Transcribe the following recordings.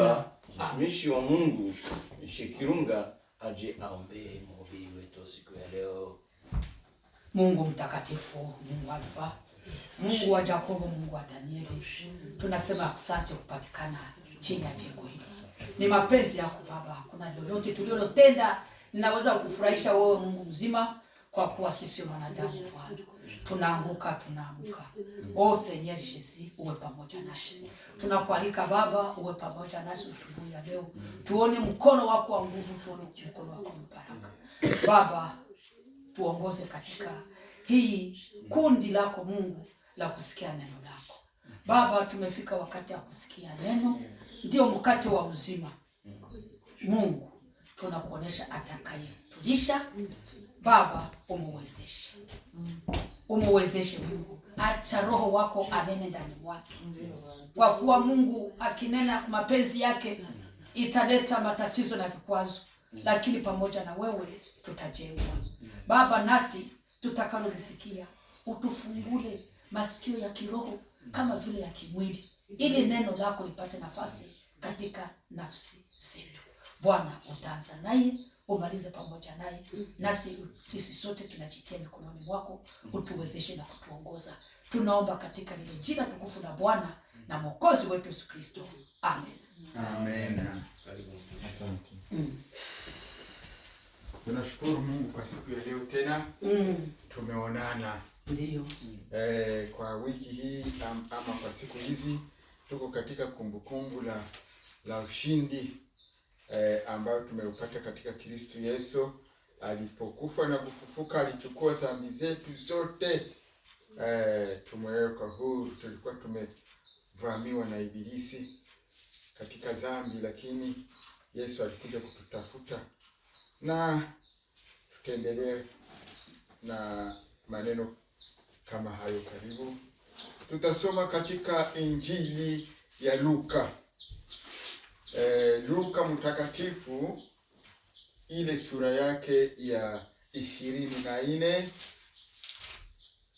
kwamba mtumishi wa Mungu shekirunga aje aombee mhubiri wetu siku ya leo. Mungu mtakatifu, Mungu Alfa, Mungu wa Yakobo, Mungu wa Danieli, tunasema asante kupatikana chini ya jengo hili. Ni mapenzi yako Baba, kuna lolote tulilotenda linaweza kukufurahisha wewe, Mungu mzima kwa kuwa sisi wanadamu Bwana tunaanguka, tunaanguka wose. Yesu oh, uwe pamoja nasi, tunakualika Baba, uwe pamoja nasi usubuhi ya leo, tuone mkono wako wa nguvu, tuone mkono wako mbaraka Baba, tuongoze katika hii kundi lako Mungu la kusikia neno lako Baba. Tumefika wakati wa kusikia neno, ndio mkate wa uzima Mungu, tunakuonesha atakayetulisha Baba umuwezeshe, umuwezeshe Mungu, acha roho wako anene ndani mwake, kwa kuwa Mungu akinena mapenzi yake italeta matatizo na vikwazo, lakini pamoja na wewe tutajengwa. Baba, nasi tutakalolisikia utufungule masikio ya kiroho kama vile ya kimwili, ili neno lako lipate nafasi katika nafsi zetu. Bwana, utaanza naye umalize pamoja naye mm. Nasi sisi sote tunajitia mikononi mwako, utuwezeshe na kutuongoza. Tunaomba katika lile jina tukufu la Bwana na Mwokozi wetu Yesu Kristo, amen, amen. Mm. Tunashukuru Mungu kwa siku ya leo tena mm. tumeonana ndio E, kwa wiki hii ama kwa siku hizi tuko katika kumbukumbu la, la ushindi eh, ambayo tumeupata katika Kristo Yesu alipokufa na kufufuka, alichukua dhambi zetu zote eh, tumewekwa huru. Tulikuwa tumevamiwa na ibilisi katika dhambi, lakini Yesu alikuja kututafuta, na tutaendelea na maneno kama hayo. Karibu tutasoma katika Injili ya Luka eh, Luka mtakatifu ile sura yake ya ishirini na nne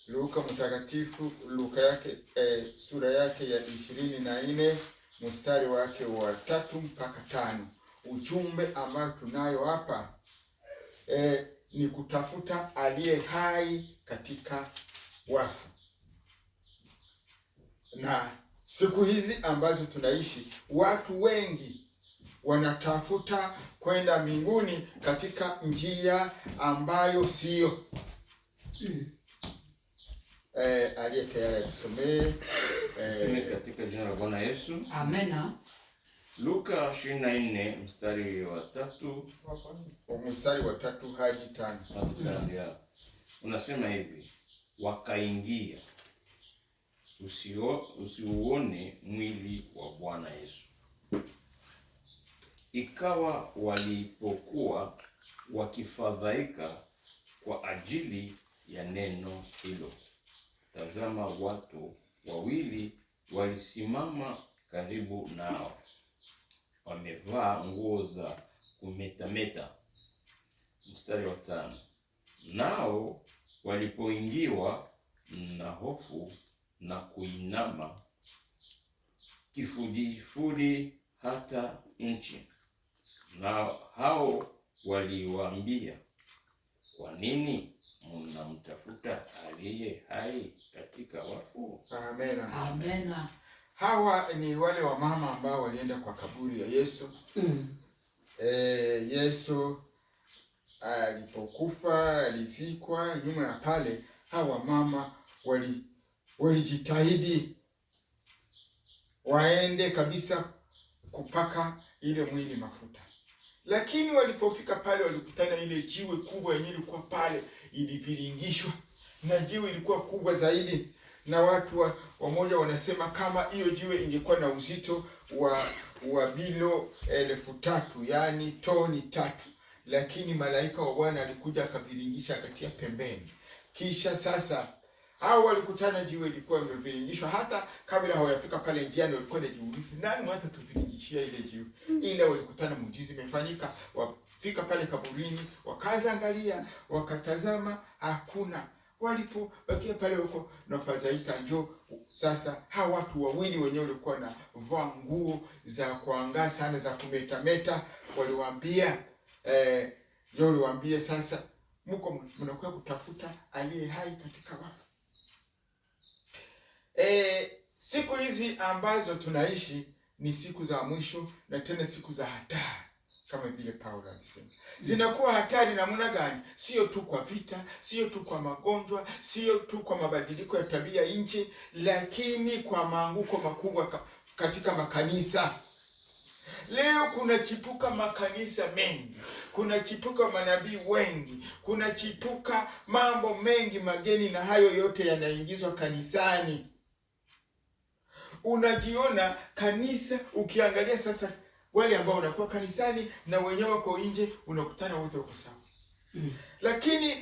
Luka mtakatifu Luka yake eh, sura yake ya ishirini na nne mstari wake wa tatu mpaka tano. Ujumbe ambayo tunayo hapa eh, ni kutafuta aliye hai katika wafu na Siku hizi ambazo tunaishi, watu wengi wanatafuta kwenda mbinguni katika njia ambayo sio mm. Eh, aliye tayari tusomee. Eh, katika jina la Bwana Yesu. Amena. Luka 24 mstari wa tatu mstari wa tatu hadi tano. Unasema hivi, wakaingia usio usiuone mwili wa Bwana Yesu. Ikawa walipokuwa wakifadhaika kwa ajili ya neno hilo, tazama, watu wawili walisimama karibu nao, wamevaa nguo za kumetameta. Mstari wa tano. Nao walipoingiwa na hofu na kuinama kifudifudi hata nchi. Na hao waliwaambia, kwa nini mnamtafuta aliye hai katika wafu? Amena, amena. Hawa ni wale wamama ambao walienda kwa kaburi ya Yesu mm. E, Yesu alipokufa alizikwa. Nyuma ya pale hawa mama wali walijitahidi waende kabisa kupaka ile mwili mafuta, lakini walipofika pale walikutana ile jiwe kubwa yenye ilikuwa pale iliviringishwa, na jiwe ilikuwa kubwa zaidi, na watu wa, wamoja wanasema kama hiyo jiwe ingekuwa na uzito wa wa bilo elfu tatu yaani toni tatu, lakini malaika wa Bwana alikuja akaviringisha akatia pembeni, kisha sasa au walikutana jiwe lilikuwa limeviringishwa. Hata kabla hawajafika pale njiani, walikuwa wanajiuliza nani hata tuviringishia ile jiwe, Ile walikutana, muujiza imefanyika. Wafika pale kaburini, angalia wakatazama, hakuna Walipo walipobakia pale huko nafadhaika, njo sasa hawa watu wawili wenyewe walikuwa wanavaa nguo za kuangaa sana za kumetameta, waliwaambia eh, njo waliwaambia sasa, mko mnakuwa kutafuta aliye hai katika wafu e, siku hizi ambazo tunaishi ni siku za mwisho na tena siku za hatari kama vile Paulo alisema mm. zinakuwa hatari namna gani? Sio tu kwa vita, sio tu kwa magonjwa, sio tu kwa mabadiliko ya tabia nchi, lakini kwa maanguko makubwa katika makanisa. Leo kuna chipuka makanisa mengi, kuna chipuka manabii wengi, kuna chipuka mambo mengi mageni, na hayo yote yanaingizwa kanisani unajiona kanisa. Ukiangalia sasa wale ambao wanakuwa kanisani na wenyewe wako nje, unakutana wote wako sawa mm. Lakini